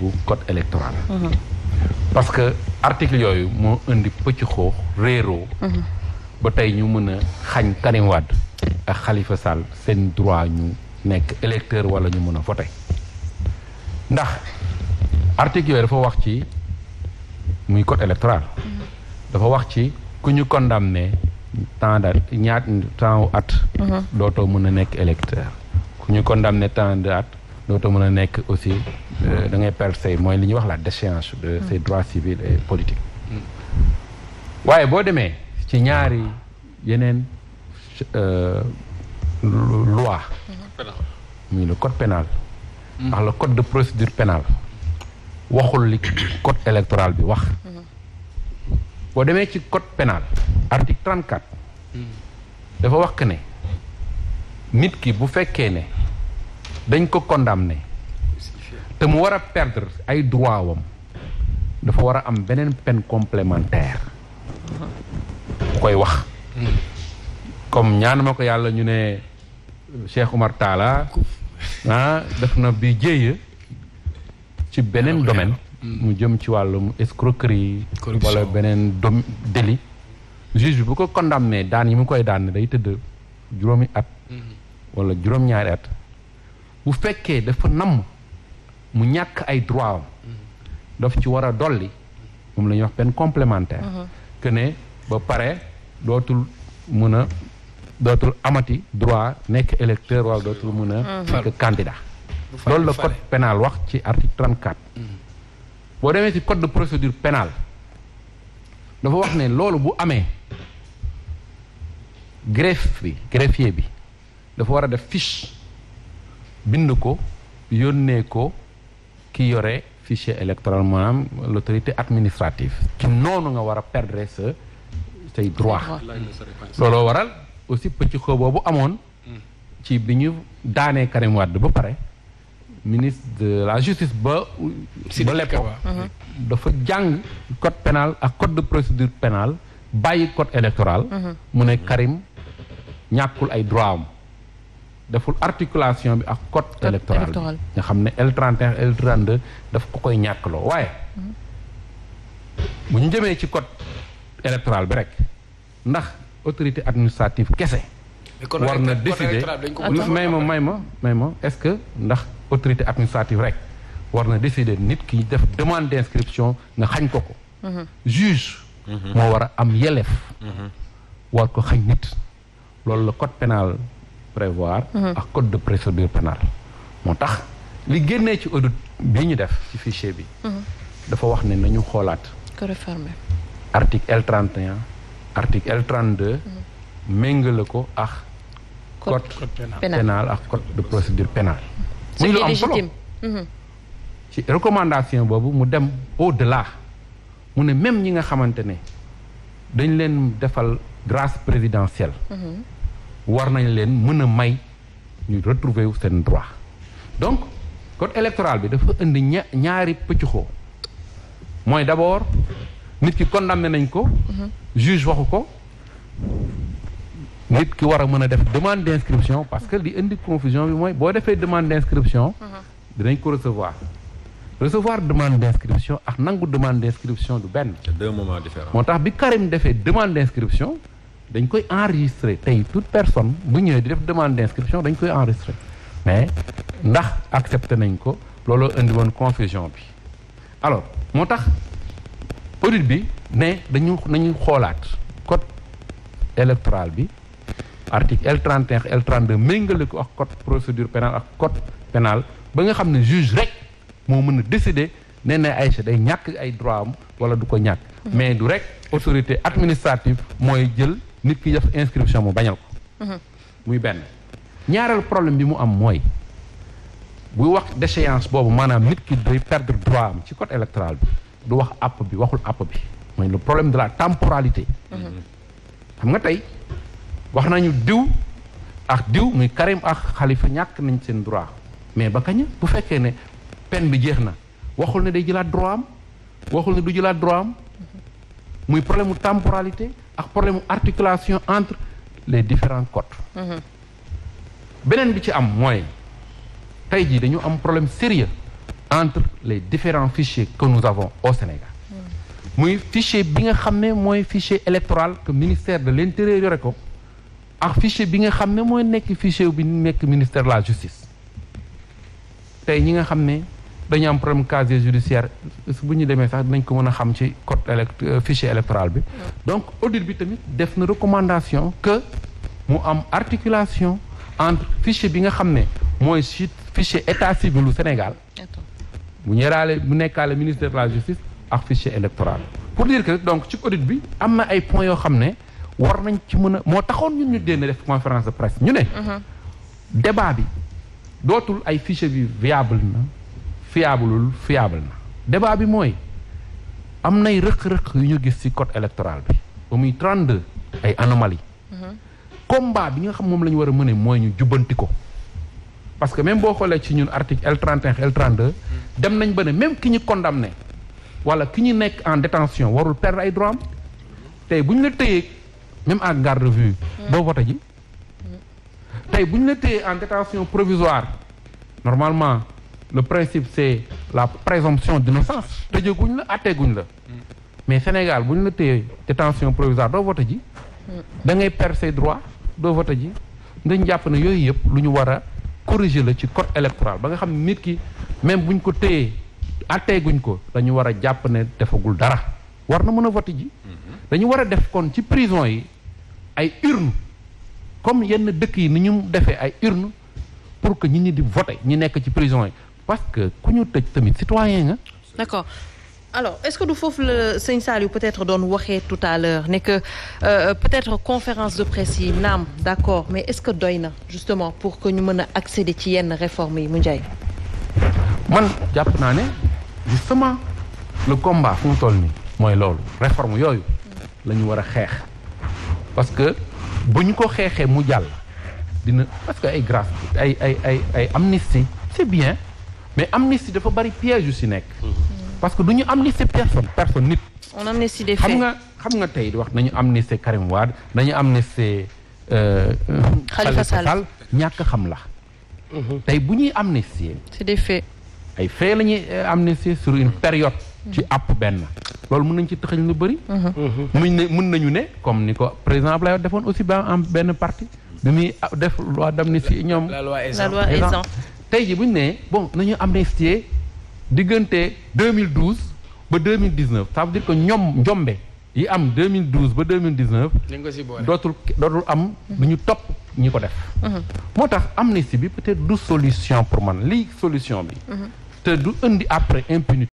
bu code électoral parce que article yooyu moo indi pëcc xoox réeroo ba tey ñu mën a xañ Karim Wade ak Khalifa Sall seen droit ñu nekk électeur wala ñu mën a voter ndax article yooyu dafa wax ci muy code électoral dafa wax ci ku ñu condamné temps da ñaat temps at mhm. dootoo mën a nekk électeur ku ñu ne temps dootoo mën a nekk aussi euh, da ngay perdre say mooy li ñuy wax la déchéance de ses mm. droits civils et politiques mm. waaye boo demee ci ñaari yeneen euh, loi muy le code pénal ndax mm. la code de procédure penal waxul li code électoral bi wax mm-hmm. boo demee ci code pénal article 34 dafa wax ne nit ki bu fekkee ne dañ ko condamné te mu war a perdre ay droit wam dafa war a am beneen peine complémentaire bu koy wax comme ñaanama ko yàlla ñu ne Cheikh Oumar Talla ah def na bi jéye ci beneen domaine mu jëm ci wàllum escroquerie wala beneen dom délit juge bi bu ko condamné daan yi mu koy daan day tëdd juróomi at mm-hmm. wala juróom-ñaari at bu fekkee dafa namm mu ñàkk ay droit am daf ci war a dolli moom la wax peine complémentaire uh-huh. que ne ba pare dootul mën a dootul amati droit nekk électeur wala dootul mën a uh-huh. nekk candidat loolu la code pénal wax ci article 34 uh-huh. boo demee ci code de procédure pénale dafa wax ne loolu bu amee greffe bi greffier bi dafa war a def fiche bind ko yónnee ko ki yore fichier électoral maanaam l' autorité administrative ci noonu nga war a perdre sa say droit looloo waral aussi pëcc xoo bu amoon ci bi ñu daanee Karim Wade ba pare ministre de la justice ba ba l'époque mhm. dafa jàng code pénal ak code de procédure pénale bàyyi code électoral mhm. mu ne Karim ñàkkul ay droit am deful articulation bi ak code électoral bi nga xam ne L31 L32 daf ko koy ñàkkloo waaye bu ñu jëmee ci code électoral bi rek ndax autorité administrative kese war na décider may ma may ma may ma est-ce que ndax autorité administrative rek war na décider nit ki def demande d'inscription nga xañ ko ko mhm. juge mhm. moo war a am yelleef mhm. war ko xañ nit loolu la code pénal prévoir. ak code de procédure pénale. moo tax li génnee ci audit bi ñu def ci fichier bi. dafa wax ne nañu xoolaat. ko réformer. article L 31 article L 32. méngale ko ak. code pénal ak code de procédure pénale. muy lu am solo mhm. ci recommandation boobu mu dem de la mu ne même ñi nga xamante ne dañ leen defal grâce présidentielle. Mhm. war nañ leen mën a may ñu retrouver seen droit donc code électoral bi dafa indi ña ñaari pëccuxoo mooy d'abord nit ki condamné nañ ko mhm. juge waxu ko nit ki war a mën a def demande d'inscription parce que li indi confusion bi mooy boo defee demande d'inscription mhm. dinañ ko recevoir recevoir demande d'inscription ak nangu demande d'inscription du benn. c'est deux moo tax bi Karim defee demande d'inscription dañ koy enregistré tey toute personne bu ñëwee di def demande d' dañ koy enregistré mais ndax accepté nañ ko looloo indi woon confusion bi alors moo tax audit bi ne dañu nañu xoolaat code électoral bi article L 31 L 32 méngale ko ak code procédure pénale ak code pénal ba nga xam ne juge rek moo mën a décider nee na Aïcha day ñàkk ay droit am wala du ko ñàkk mm-hmm. mais du rek autorité administrative mooy jël nit ki def inscription mu bañal ko mhm. muy benn ñaareel problème bi mu am mooy buy wax déchéance boobu maanaam nit ki day perdre droit am ci code électoral bi du wax app bi waxul app bi mooy lu problème de la temporalité mhm. xam nga tey wax nañu diw ak diw muy Karim ak xalifa ñàkk nañ seen droit mais ba kañ bu fekkee ne peine bi jeex na waxul ne day jëlaat droit am waxul ne du jëlaat droit am mhm. muy problème mu temporalité ak problème articulation entre les différents codes mhm. beneen bi ci am mooy tey jii dañu am problème sérieux entre les différents fichiers que nous avons au Sénégal mhm. muy fichier bi nga xam ne mooy fichier électoral que ministère de l'intérieur yore ko ak fichier bi nga xam ne mooy nekk fichier bi nekk ministère la justice tey ñi nga xam ne dañu am problème casier judiciaire bu ñu demee sax nañ ko mën a xam ci code élect euh, fichier électoral bi. donc audit bi tamit def na recommandation que mu am articulation entre fichier bi nga xam ne mooy si fichier état civil lu Sénégal. bu ñëraale bu nekkaale ministère de la justice ak fichier électoral. pour dire que donc ci audit bi am na ay point yoo xam ne war nañ ci mën a moo taxoon ñun ñu dénn def conférence de presse ñu ne. Uh-huh. débat bi dootul ay fichier bi viable fiableul fiable na débat bi mooy am nay rëq-rëq yu ñu gis ci code électoral bi ba muy 32 ay anomalie mhm. combat bi nga xam moom lañu ñu war a mëne mooy ñu jubbanti ko parce que même boo xoolee ci ñun article L31 L32 dem nañ ba ne même ki ñu condamné wala ki ñu nekk en détention warul perdre ay droit am tey bu ñu la téyee même en garde vue mm. doo vote ji mm. tey bu ñu la téyee en détention provisoire normalement le principe c'est la présomption d'innocence tëjeguñ la atteeguñ la mais Sénégal bu ñu la téye détention provisoire doo vote ji da ngay perdre ses droits doo vote ji dañ jàpp ne yooyu yëpp lu ñu war a corriger la ci cote électoral ba nga xam nit ki même bu ñu ko téyee atteeguñ ko dañu war a jàpp ne defagul dara war na mën a vote ji dañu war a def kon ci prison yi ay urne comme yenn dëkk yi ni ñu defee ay urne pour que nit ñi di vote ñi nekk ci prison yi parce que ku ñu tëj tamit citoyen nga. d'accord alors est-ce que du foofu la sëñ Saliou peut-être doon waxee tout à l'heure ne que euh, peut-être conférence de presse yi naam d'accord mais est-ce que doy na justement pour que ñu mën a accéder ci yenn réformes yi mu njaay man jàpp naa ne justement le combat fu mu toll nii mooy loolu réforme yooyu la ñu war a xeex parce que bu ñu ko xeexee mu jàll dina parce que ay grâce ay ay ay ay amnistie c'est bien mais amnistie dafa bari piège yu si nekk. parce que du ñu amnistie personne personne nit. on amnistie des faits xam nga xam nga tey wax nañu amnistie Karim Wade nañu amnistie. Euh, Khalifa Sall ñàkk xam la. Mhm. tey bu ñuy amnistier. c'est des faits. ay faits la ñuy euh, amnistier sur une période. Mhm. ci àpp benn. loolu mun nañ ci tëxañ lu bëri. muñ ne mën nañu ne comme ni ko président Ablaye defoon aussi ba am benn parti. bi muy ah, def loi d'amnistie ñoom. la loi Ezzan tey ji bu ñu nee bon nañu amnistier diggante 2012 ba 2019 ça veut dire que ñoom njombe yi am 2012 ba 2019. dañ ko si boole dootul dootul am lu ñu topp ñi ko def. Mhm. moo tax amnistie bi peut-être du solution pour man lii solution bi. Mhm. te du indi après impunité.